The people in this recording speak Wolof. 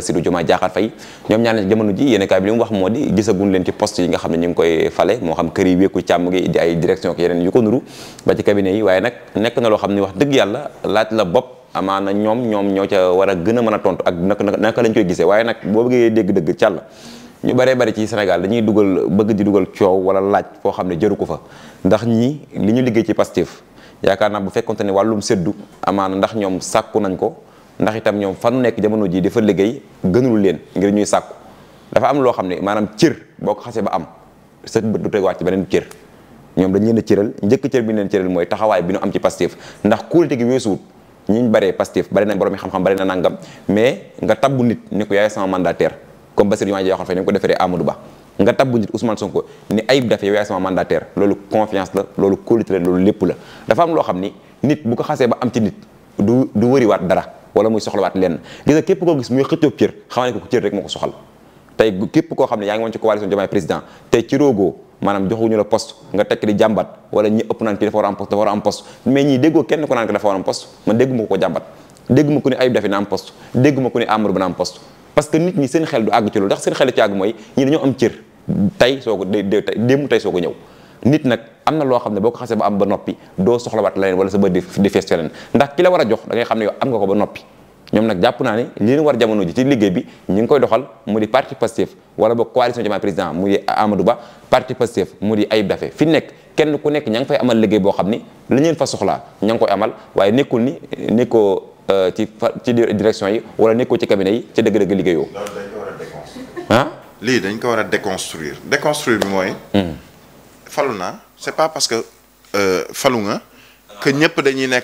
Bassirou Diomaye Diakhar Faye ñoom ñaar jamono ji yéen kaay bi mu wax moo di gisaguñ leen ci poste yi nga xam ne ñu ngi koy fale moo xam kër wékku càmm gi ay direction ko yeneen yu ko nuru ba ci cabinet yi waaye nag nekk na loo xam ne wax dëgg yàlla laaj la bopp amaana ñoom ñoom ñoo ca war a gën a mën a tontu ak naka naka lañ koy gisee waaye nag boo bëggee dégg-dëgg càll ñu bëree bëri ci Sénégal dañuy dugal bëgg di dugal coow wala laaj foo xam ne jëru ko fa ndax ñi li ñu liggéey ci Pastef yaakaar naa bu fekkonte ne wàllum seddu amaana ndax ñoom sàkku nañ ko ndax itam ñoom fanu nekk jamono ji dafa liggéey gënul leen ngir ñuy sàkku dafa am loo xam ne maanaam cër boo xasee ba am sa bët du tegaat ci beneen cër ñoom dañ leen a cëral njëkk cër bi ñu leen mooy taxawaay bi ñu am ci Pastef ndax kóolute gi weesuwut ñi bari na borom xam-xam bari na nangam mais nga tabbu nit ni ko yaay sama mandataire comme Bassirou Diomaye Diakhar Faye ni ko deferee Amadou Ba nga tabbu nit Ousmane Sonko ni ayib dafa yow yaay sama mandataire loolu confiance la loolu kóolute la loolu lépp la dafa am loo xam ni nit bu ko xasee ba am ci nit du du wëriwaat dara wala muy soxlawaat leen gis képp koo gis muy xëccoo cër xamaa ne ko cër rek moo ko soxal tey képp koo xam ne yaa ngi woon ci coalition Diomaye président tey ci la poste nga tekk jàmbat wala ñi ëpp naan kii dafa war a a am poste mais kenn ko naan ko dafa war a am poste man ko jàmbat dégguma ku ne Ayib Daffé na am poste dégguma ku ne Amadou Ba na parce que nit ñi seen xel du àgg ci loolu mooy ñi dañoo am tey soo ko démb tey soo ko ñëw nit nag am na loo xam ne boo ko xasee ba am ba noppi doo soxlawaat leneen wala sa bët di fees feneen ndax ki la war a jox da ngay xam ne yow am nga ko ba noppi ñoom nag jàpp naa ne li ñu war jamono ji ci liggéey bi ñu ngi koy doxal mu di parti Pastef wala ba coalition Diomaye Président mu di Amadou Ba parti Pastef mu di Ayib Daffé fi nekk kenn ku nekk ña fay amal liggéey boo xam ni li ñeen fa soxlaa ña koy amal waaye nekkul ni nekkoo euh, ci ci yi ci cabinet yi ca dëgg-dëgg liggéeyoo. dañ ko war a déconstruire déconstruire bi mooy. Hmm. c'est pas parce que euh, falu nga que ñëpp dañuy nekk.